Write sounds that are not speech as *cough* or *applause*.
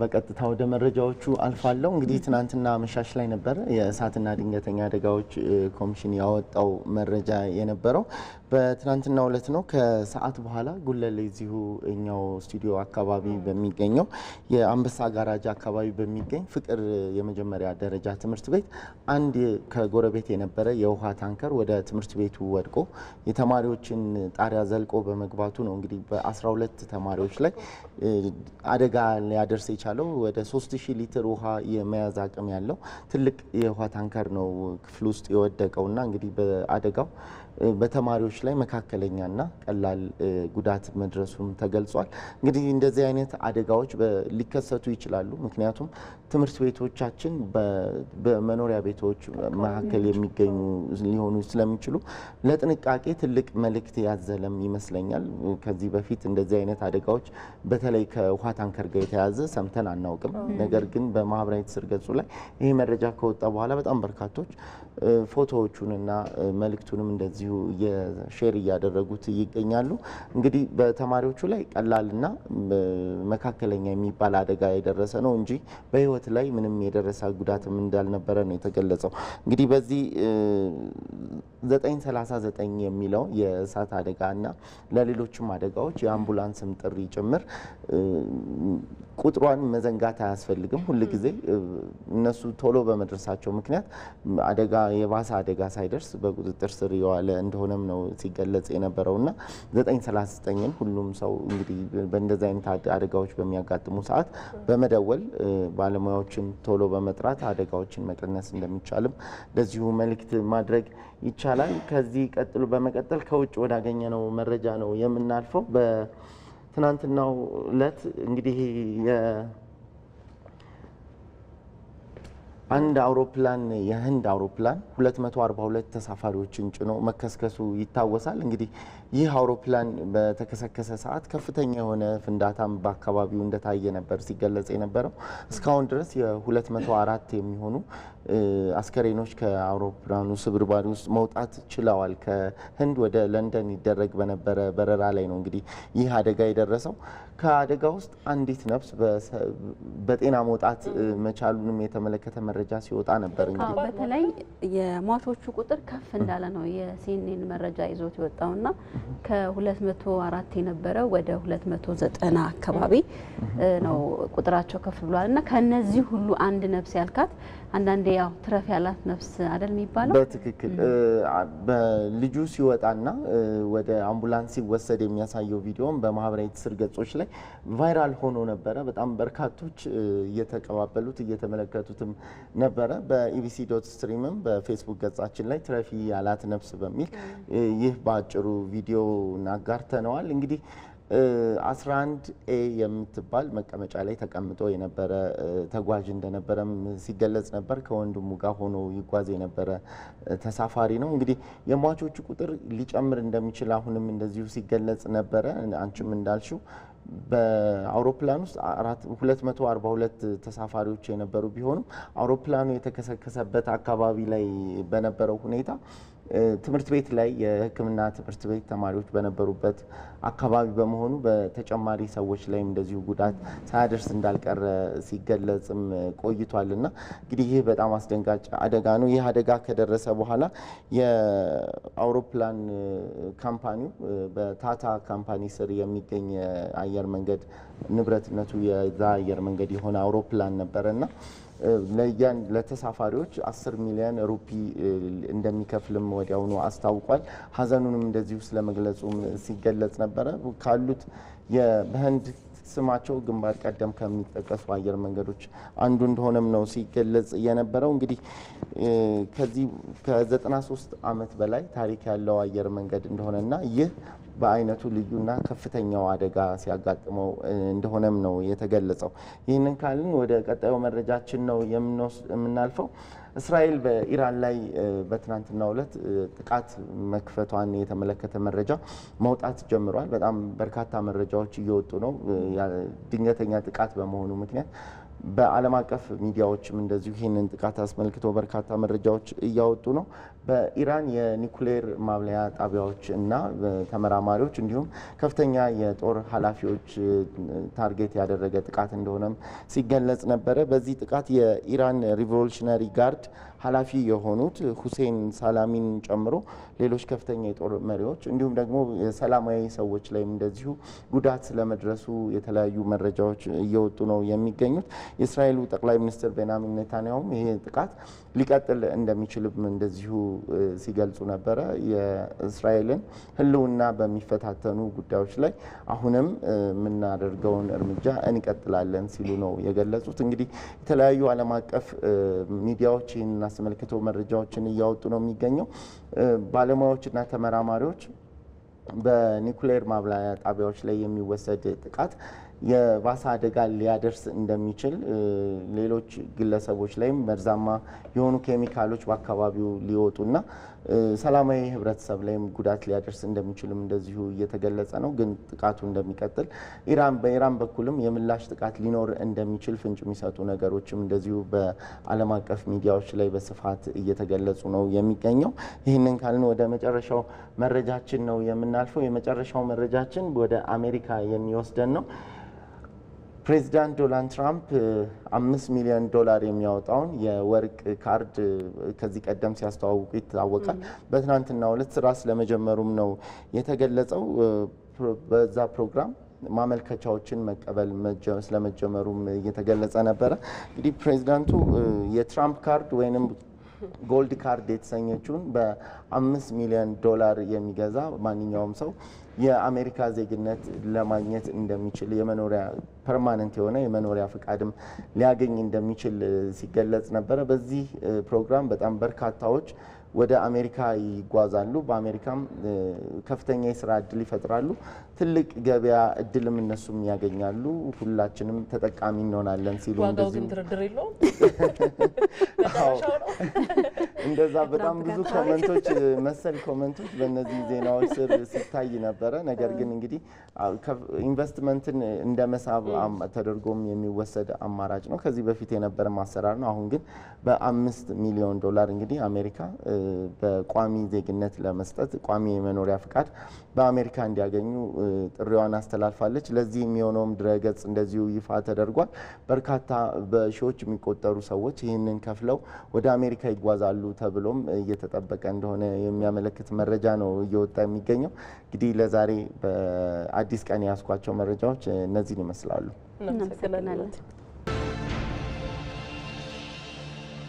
በቀጥታ ወደ መረጃዎቹ አልፋለሁ። እንግዲህ ትናንትና መሻሽ ላይ ነበረ የእሳትና ድንገተኛ አደጋዎች ኮሚሽን ያወጣው መረጃ የነበረው በትናንትና ዕለት ነው ከሰዓት በኋላ ጉለሌ እዚሁ እኛው ስቱዲዮ አካባቢ በሚገኘው የአንበሳ ጋራጅ አካባቢ በሚገኝ ፍቅር የመጀመሪያ ደረጃ ትምህርት ቤት አንድ ከጎረቤት የነበረ የውሃ ታንከር ወደ ትምህርት ቤቱ ወድቆ የተማሪዎችን ጣሪያ ዘልቆ በመግባቱ ነው እንግዲህ በ12 ተማሪዎች ላይ አደጋ ሊያደርስ የቻለው ወደ 3000 ሊትር ውሃ የመያዝ አቅም ያለው ትልቅ የውሃ ታንከር ነው ክፍል ውስጥ የወደቀውና እንግዲህ በአደጋው በተማሪዎች ላይ መካከለኛና ቀላል ጉዳት መድረሱም ተገልጿል። እንግዲህ እንደዚህ አይነት አደጋዎች ሊከሰቱ ይችላሉ። ምክንያቱም ትምህርት ቤቶቻችን በመኖሪያ ቤቶች መካከል የሚገኙ ሊሆኑ ስለሚችሉ ለጥንቃቄ ትልቅ መልእክት ያዘለም ይመስለኛል። ከዚህ በፊት እንደዚህ አይነት አደጋዎች በተለይ ከውሃ ታንከር ጋር የተያዘ ሰምተን አናውቅም። ነገር ግን በማህበራዊ ትስስር ገጹ ላይ ይሄ መረጃ ከወጣ በኋላ በጣም በርካቶች ፎቶዎቹንና መልእክቱንም እንደዚሁ እንደዚሁ ሼር እያደረጉት ይገኛሉ። እንግዲህ በተማሪዎቹ ላይ ቀላልና መካከለኛ የሚባል አደጋ የደረሰ ነው እንጂ በህይወት ላይ ምንም የደረሰ ጉዳትም እንዳልነበረ ነው የተገለጸው። እንግዲህ በዚህ 939 የሚለው የእሳት አደጋ እና ለሌሎችም አደጋዎች የአምቡላንስም ጥሪ ጭምር ቁጥሯን መዘንጋት አያስፈልግም። ሁል ጊዜ እነሱ ቶሎ በመድረሳቸው ምክንያት አደጋ የባሰ አደጋ ሳይደርስ በቁጥጥር ስር የዋለ እንደሆነም ነው ሲገለጽ የነበረው እና 939ን ሁሉም ሰው እንግዲህ በእንደዚህ አይነት አደጋዎች በሚያጋጥሙ ሰዓት በመደወል ባለሙያዎችን ቶሎ በመጥራት አደጋዎችን መቀነስ እንደሚቻልም እንደዚሁ መልእክት ማድረግ ይቻላል። ይቻላል። ከዚህ ቀጥሎ በመቀጠል ከውጭ ወዳገኘነው መረጃ ነው የምናልፈው። በትናንትናው እለት እንግዲህ አንድ አውሮፕላን የህንድ አውሮፕላን 242 ተሳፋሪዎችን ጭኖ መከስከሱ ይታወሳል። እንግዲህ ይህ አውሮፕላን በተከሰከሰ ሰዓት ከፍተኛ የሆነ ፍንዳታም በአካባቢው እንደታየ ነበር ሲገለጽ የነበረው። እስካሁን ድረስ የ204 የሚሆኑ አስከሬኖች ከአውሮፕላኑ ስብርባሪ ውስጥ መውጣት ችለዋል። ከህንድ ወደ ለንደን ይደረግ በነበረ በረራ ላይ ነው እንግዲህ ይህ አደጋ የደረሰው። ከአደጋ ውስጥ አንዲት ነፍስ በጤና መውጣት መቻሉንም የተመለከተ መረጃ ሲወጣ ነበር። እንግዲህ በተለይ የሟቾቹ ቁጥር ከፍ እንዳለ ነው የሲኤንኤን መረጃ ይዞት የወጣውና ከ204 የነበረ ወደ 290 አካባቢ ነው ቁጥራቸው ከፍ ብሏል። እና ከነዚህ ሁሉ አንድ ነፍስ ያልካት አንዳንዴ ያው ትረፍ ያላት ነፍስ አይደል የሚባለው? በትክክል በልጁ ሲወጣና ወደ አምቡላንስ ሲወሰድ የሚያሳየው ቪዲዮም በማህበራዊ ትስስር ገጾች ላይ ቫይራል ሆኖ ነበረ። በጣም በርካቶች እየተቀባበሉት እየተመለከቱትም ነበረ። በኢቢሲ ዶት ስትሪምም በፌስቡክ ገጻችን ላይ ትረፊ ያላት ነፍስ በሚል ይህ በአጭሩ ቪዲዮ ቪዲዮ አጋርተነዋል። እንግዲህ 11 ኤ የምትባል መቀመጫ ላይ ተቀምጦ የነበረ ተጓዥ እንደነበረም ሲገለጽ ነበር። ከወንድሙ ጋር ሆኖ ይጓዝ የነበረ ተሳፋሪ ነው። እንግዲህ የሟቾቹ ቁጥር ሊጨምር እንደሚችል አሁንም እንደዚሁ ሲገለጽ ነበረ። አንቺም እንዳልሽው በአውሮፕላን ውስጥ 242 ተሳፋሪዎች የነበሩ ቢሆኑም አውሮፕላኑ የተከሰከሰበት አካባቢ ላይ በነበረው ሁኔታ ትምህርት ቤት ላይ የሕክምና ትምህርት ቤት ተማሪዎች በነበሩበት አካባቢ በመሆኑ በተጨማሪ ሰዎች ላይም እንደዚሁ ጉዳት ሳያደርስ እንዳልቀረ ሲገለጽም ቆይቷል እና እንግዲህ ይህ በጣም አስደንጋጭ አደጋ ነው። ይህ አደጋ ከደረሰ በኋላ የአውሮፕላን ካምፓኒው በታታ ካምፓኒ ስር የሚገኝ አየር መንገድ ንብረትነቱ የዛ አየር መንገድ የሆነ አውሮፕላን ነበረ እና ለተሳፋሪዎች 10 ሚሊዮን ሩፒ እንደሚከፍልም ወዲያውኑ አስታውቋል። ሀዘኑንም እንደዚሁ ስለመግለጹም ሲገለጽ ነበረ ካሉት በህንድ ስማቸው ግንባር ቀደም ከሚጠቀሱ አየር መንገዶች አንዱ እንደሆነም ነው ሲገለጽ የነበረው። እንግዲህ ከዚህ ከ93 ዓመት በላይ ታሪክ ያለው አየር መንገድ እንደሆነና ይህ በአይነቱ ልዩና ከፍተኛው አደጋ ሲያጋጥመው እንደሆነም ነው የተገለጸው። ይህንን ካልን ወደ ቀጣዩ መረጃችን ነው የምናልፈው። እስራኤል በኢራን ላይ በትናንትናው ዕለት ጥቃት መክፈቷን የተመለከተ መረጃ መውጣት ጀምሯል። በጣም በርካታ መረጃዎች እየወጡ ነው። ድንገተኛ ጥቃት በመሆኑ ምክንያት በዓለም አቀፍ ሚዲያዎችም እንደዚሁ ይህንን ጥቃት አስመልክቶ በርካታ መረጃዎች እያወጡ ነው። በኢራን የኒኩሌር ማብለያ ጣቢያዎች እና ተመራማሪዎች እንዲሁም ከፍተኛ የጦር ኃላፊዎች ታርጌት ያደረገ ጥቃት እንደሆነም ሲገለጽ ነበረ። በዚህ ጥቃት የኢራን ሪቮሉሽነሪ ጋርድ ኃላፊ የሆኑት ሁሴን ሳላሚን ጨምሮ ሌሎች ከፍተኛ የጦር መሪዎች እንዲሁም ደግሞ ሰላማዊ ሰዎች ላይም እንደዚሁ ጉዳት ስለመድረሱ የተለያዩ መረጃዎች እየወጡ ነው የሚገኙት። የእስራኤሉ ጠቅላይ ሚኒስትር ቤንያሚን ኔታንያሁም ይሄ ጥቃት ሊቀጥል እንደሚችልም እንደዚሁ ሲገልጹ ነበረ። የእስራኤልን ህልውና በሚፈታተኑ ጉዳዮች ላይ አሁንም የምናደርገውን እርምጃ እንቀጥላለን ሲሉ ነው የገለጹት። እንግዲህ የተለያዩ ዓለም አቀፍ ሚዲያዎች ይህንን አስመልክቶ መረጃዎችን እያወጡ ነው የሚገኘው። ባለሙያዎችና ተመራማሪዎች በኒውክሌር ማብላያ ጣቢያዎች ላይ የሚወሰድ ጥቃት የባሰ አደጋ ሊያደርስ እንደሚችል ሌሎች ግለሰቦች ላይም መርዛማ የሆኑ ኬሚካሎች በአካባቢው ሊወጡና ሰላማዊ ህብረተሰብ ላይም ጉዳት ሊያደርስ እንደሚችልም እንደዚሁ እየተገለጸ ነው። ግን ጥቃቱ እንደሚቀጥል ኢራን በኢራን በኩልም የምላሽ ጥቃት ሊኖር እንደሚችል ፍንጭ የሚሰጡ ነገሮችም እንደዚሁ በዓለም አቀፍ ሚዲያዎች ላይ በስፋት እየተገለጹ ነው የሚገኘው። ይህንን ካልን ወደ መጨረሻው መረጃችን ነው የምናልፈው። የመጨረሻው መረጃችን ወደ አሜሪካ የሚወስደን ነው። ፕሬዚዳንት ዶናልድ ትራምፕ አምስት ሚሊዮን ዶላር የሚያወጣውን የወርቅ ካርድ ከዚህ ቀደም ሲያስተዋውቁ ይታወቃል። በትናንትናው ዕለት ስራ ስለመጀመሩም ነው የተገለጸው። በዛ ፕሮግራም ማመልከቻዎችን መቀበል ስለመጀመሩም እየተገለጸ ነበረ። እንግዲህ ፕሬዚዳንቱ የትራምፕ ካርድ ወይም ጎልድ ካርድ የተሰኘችውን በአምስት ሚሊዮን ዶላር የሚገዛ ማንኛውም ሰው የአሜሪካ ዜግነት ለማግኘት እንደሚችል የመኖሪያ ፐርማነንት የሆነ የመኖሪያ ፍቃድም ሊያገኝ እንደሚችል ሲገለጽ ነበረ። በዚህ ፕሮግራም በጣም በርካታዎች ወደ አሜሪካ ይጓዛሉ። በአሜሪካም ከፍተኛ የስራ እድል ይፈጥራሉ። ትልቅ ገበያ እድልም እነሱም ያገኛሉ። ሁላችንም ተጠቃሚ እንሆናለን ሲሉ ዋጋው ግን ድርድር የለውም። *laughs* እንደዛ በጣም ብዙ ኮመንቶች መሰል ኮመንቶች በእነዚህ ዜናዎች ስር ሲታይ ነበረ። ነገር ግን እንግዲህ ኢንቨስትመንትን እንደ መሳብ ተደርጎም የሚወሰድ አማራጭ ነው። ከዚህ በፊት የነበረ ማሰራር ነው። አሁን ግን በአምስት ሚሊዮን ዶላር እንግዲህ አሜሪካ በቋሚ ዜግነት ለመስጠት ቋሚ የመኖሪያ ፍቃድ በአሜሪካ እንዲያገኙ ጥሪዋን አስተላልፋለች። ለዚህ የሚሆነውም ድረገጽ እንደዚሁ ይፋ ተደርጓል። በርካታ በሺዎች የሚቆጠሩ ሰዎች ይህንን ከፍለው ወደ አሜሪካ ይጓዛሉ ተብሎም እየተጠበቀ እንደሆነ የሚያመለክት መረጃ ነው እየወጣ የሚገኘው። እንግዲህ ለዛሬ በአዲስ ቀን ያስኳቸው መረጃዎች እነዚህን ይመስላሉ።